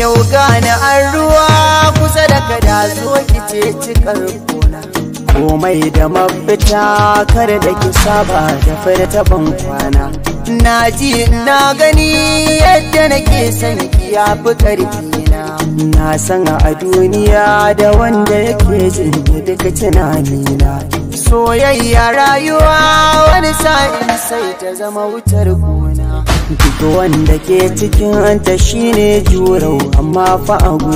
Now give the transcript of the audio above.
yau gane an ruwa kusa da kada zo kice cikar gona komai da mafita kar da ki saba da fara kwana na ji na gani yadda nake son ki ya fi karfi na na san a duniya da wanda yake jin duka tunanina soyayya rayuwa wani sa'in sai ta zama wutar gona to wanda ke cikin anta shine jurau amma fa a